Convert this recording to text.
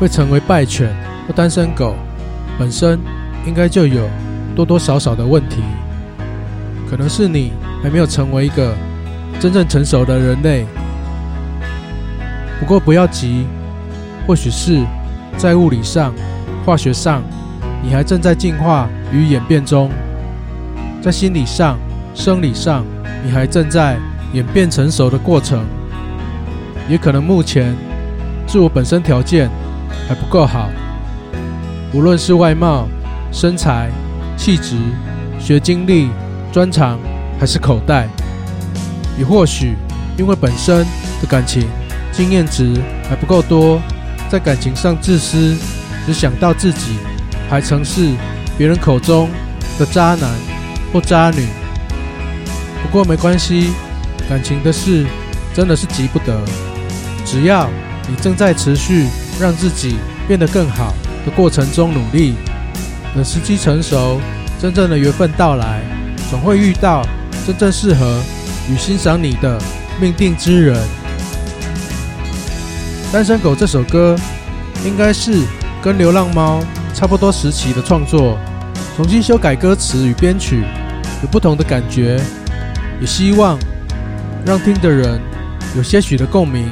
會成為敗犬或單身狗，本身應該就有多多少少的問題，可能是你還沒有成為一個真正成熟的人類。不過不要急，或許是在物理上、化學上，你還正在進化與演變中；在心理上、生理上，你還正在演變成熟的過程，也可能目前自我本身條件。還不夠好，無論是外貌、身材、氣質、學經歷、專長、還是口袋，也或許因為本身的感情經驗值還不夠多，在感情上自私，只想到自己，還曾是別人口中的渣男或渣女。不過沒關係，感情的事真的是急不得，只要你正在持續讓自己變得更好的過程中努力，等時機成熟，真正的緣分到來，總會遇到真正適合與欣賞你的命定之人。《單身狗》這首歌應該是跟《流浪貓》差不多時期的創作，重新修改歌詞與編曲，有不同的感覺，也希望讓聽的人有些許的共鳴。